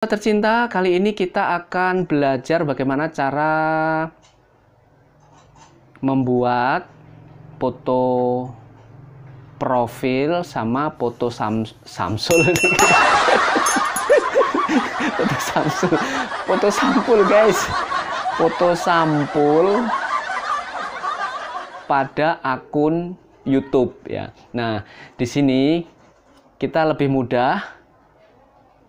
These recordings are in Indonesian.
Tercinta, kali ini kita akan belajar bagaimana cara membuat foto profil sama foto sam samsul. foto samsul. Foto sampul, guys. Foto sampul pada akun YouTube ya. Nah, di sini kita lebih mudah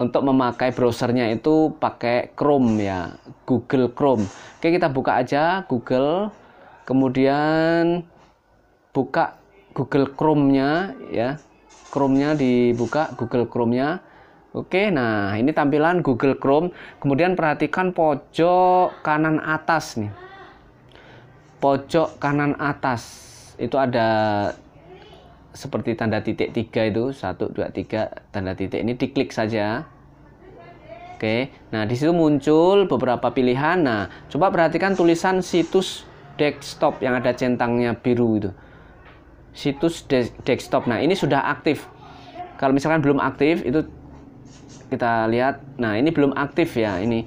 untuk memakai browsernya itu pakai Chrome ya Google Chrome oke kita buka aja Google kemudian buka Google Chrome-nya ya Chrome-nya dibuka Google Chrome-nya Oke, nah ini tampilan Google Chrome. Kemudian perhatikan pojok kanan atas nih. Pojok kanan atas itu ada seperti tanda titik tiga itu satu dua tiga tanda titik ini diklik saja Oke, nah di situ muncul beberapa pilihan. Nah, coba perhatikan tulisan situs desktop yang ada centangnya biru itu. Situs de desktop. Nah, ini sudah aktif. Kalau misalkan belum aktif itu kita lihat. Nah, ini belum aktif ya, ini.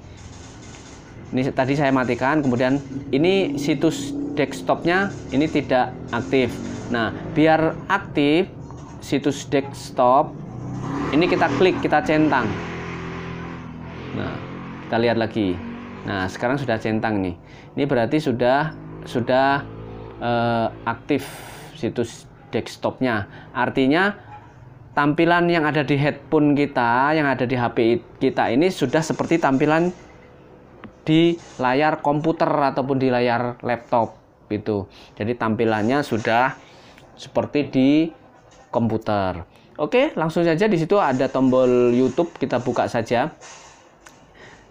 Ini tadi saya matikan, kemudian ini situs desktopnya ini tidak aktif. Nah, biar aktif situs desktop ini kita klik, kita centang. Nah, kita lihat lagi. Nah, sekarang sudah centang nih. Ini berarti sudah sudah eh, aktif situs desktopnya. Artinya tampilan yang ada di headphone kita, yang ada di HP kita ini sudah seperti tampilan di layar komputer ataupun di layar laptop gitu. Jadi tampilannya sudah seperti di komputer. Oke, langsung saja di situ ada tombol YouTube, kita buka saja.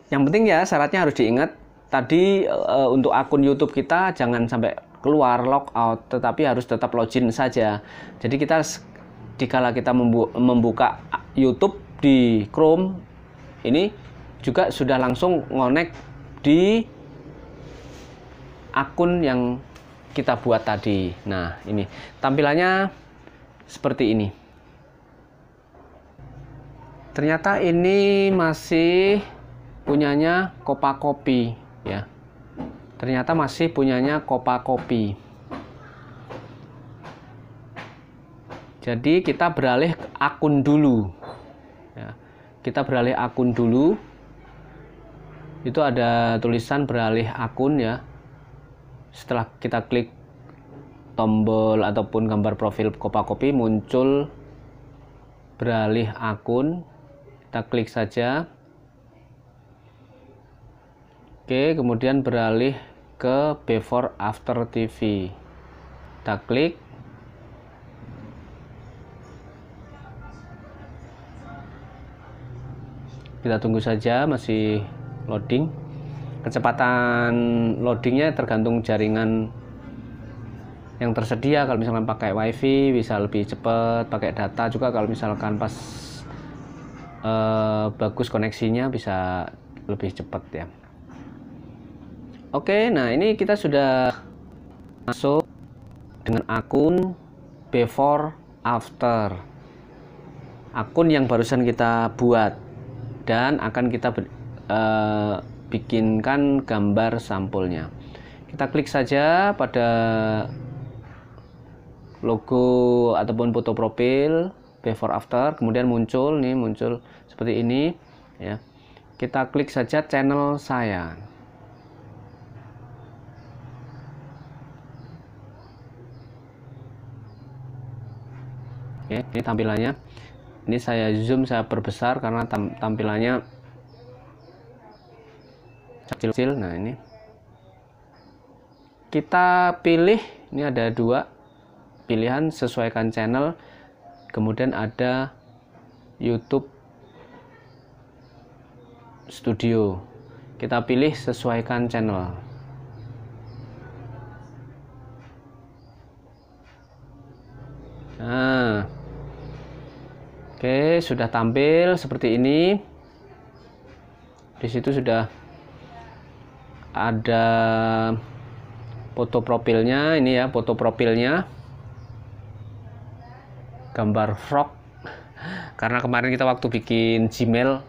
Yang penting ya syaratnya harus diingat. Tadi e, untuk akun YouTube kita jangan sampai keluar logout, tetapi harus tetap login saja. Jadi kita dikala kita membuka YouTube di Chrome ini juga sudah langsung ngonek di akun yang kita buat tadi. Nah, ini tampilannya seperti ini. Ternyata ini masih punyanya Kopa Kopi ya. Ternyata masih punyanya Kopa Kopi. Jadi kita beralih ke akun dulu. Ya. Kita beralih akun dulu. Itu ada tulisan beralih akun ya setelah kita klik tombol ataupun gambar profil kopi-kopi muncul beralih akun kita klik saja Oke kemudian beralih ke before after TV kita klik kita tunggu saja masih loading kecepatan loadingnya tergantung jaringan yang tersedia kalau misalkan pakai wifi bisa lebih cepat pakai data juga kalau misalkan pas eh, bagus koneksinya bisa lebih cepat ya oke nah ini kita sudah masuk dengan akun before after akun yang barusan kita buat dan akan kita eh, bikinkan gambar sampulnya. Kita klik saja pada logo ataupun foto profil before after, kemudian muncul nih muncul seperti ini ya. Kita klik saja channel saya. Oke, ini tampilannya. Ini saya zoom, saya perbesar karena tampilannya kecil-kecil nah ini kita pilih ini ada dua pilihan sesuaikan channel kemudian ada YouTube Studio kita pilih sesuaikan channel nah oke sudah tampil seperti ini di situ sudah ada foto profilnya ini ya foto profilnya gambar frog karena kemarin kita waktu bikin Gmail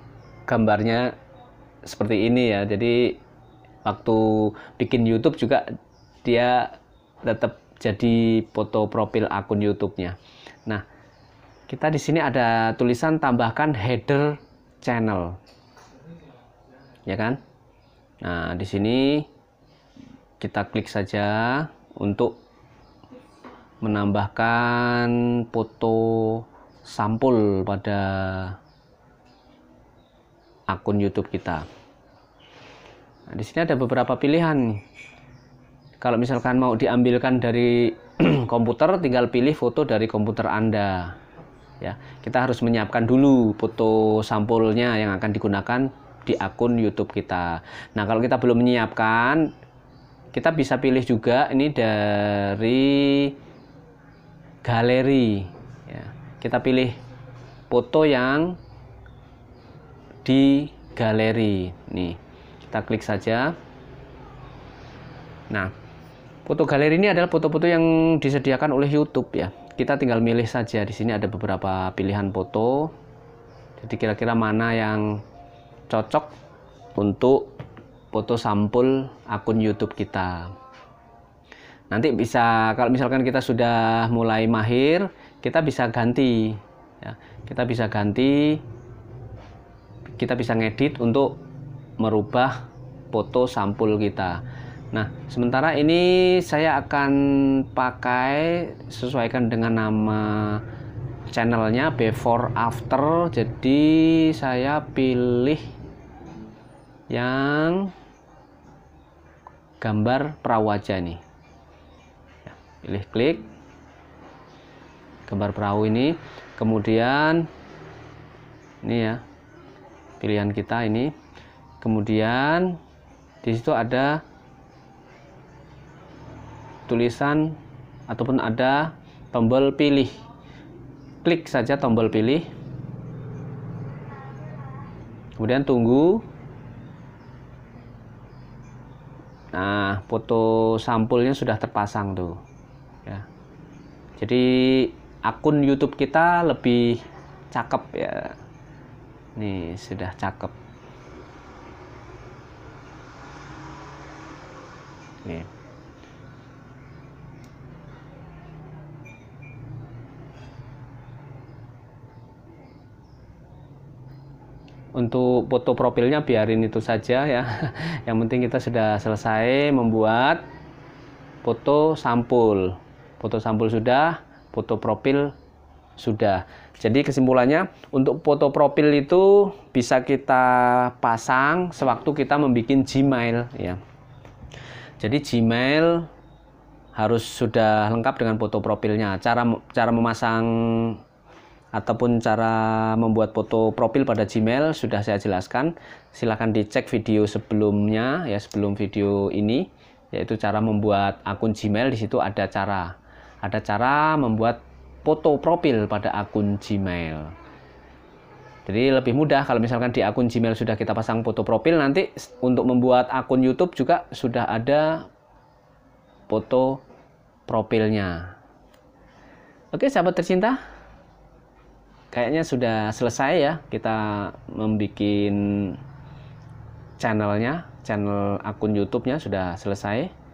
gambarnya seperti ini ya jadi waktu bikin YouTube juga dia tetap jadi foto profil akun YouTube-nya. Nah, kita di sini ada tulisan tambahkan header channel. Ya kan? Nah, di sini kita klik saja untuk menambahkan foto sampul pada akun YouTube kita. Nah, di sini ada beberapa pilihan. Kalau misalkan mau diambilkan dari komputer, tinggal pilih foto dari komputer Anda. Ya, kita harus menyiapkan dulu foto sampulnya yang akan digunakan di akun YouTube kita. Nah, kalau kita belum menyiapkan, kita bisa pilih juga ini dari galeri. Ya, kita pilih foto yang di galeri. Nih, kita klik saja. Nah, foto galeri ini adalah foto-foto yang disediakan oleh YouTube ya. Kita tinggal milih saja. Di sini ada beberapa pilihan foto. Jadi kira-kira mana yang cocok untuk foto sampul akun YouTube kita. Nanti bisa kalau misalkan kita sudah mulai mahir, kita bisa ganti ya. Kita bisa ganti kita bisa ngedit untuk merubah foto sampul kita. Nah, sementara ini saya akan pakai sesuaikan dengan nama channelnya before after jadi saya pilih yang gambar perawaja nih ya, pilih klik gambar perahu ini kemudian ini ya pilihan kita ini kemudian di situ ada tulisan ataupun ada tombol pilih klik saja tombol pilih kemudian tunggu Nah, foto sampulnya sudah terpasang tuh. Ya. Jadi akun YouTube kita lebih cakep ya. Nih, sudah cakep. Nih. untuk foto profilnya biarin itu saja ya yang penting kita sudah selesai membuat foto sampul foto sampul sudah foto profil sudah jadi kesimpulannya untuk foto profil itu bisa kita pasang sewaktu kita membuat Gmail ya jadi Gmail harus sudah lengkap dengan foto profilnya cara cara memasang ataupun cara membuat foto profil pada Gmail sudah saya jelaskan. Silahkan dicek video sebelumnya ya sebelum video ini yaitu cara membuat akun Gmail di situ ada cara ada cara membuat foto profil pada akun Gmail. Jadi lebih mudah kalau misalkan di akun Gmail sudah kita pasang foto profil nanti untuk membuat akun YouTube juga sudah ada foto profilnya. Oke, sahabat tercinta, kayaknya sudah selesai ya kita membuat channelnya, channel akun YouTube-nya sudah selesai.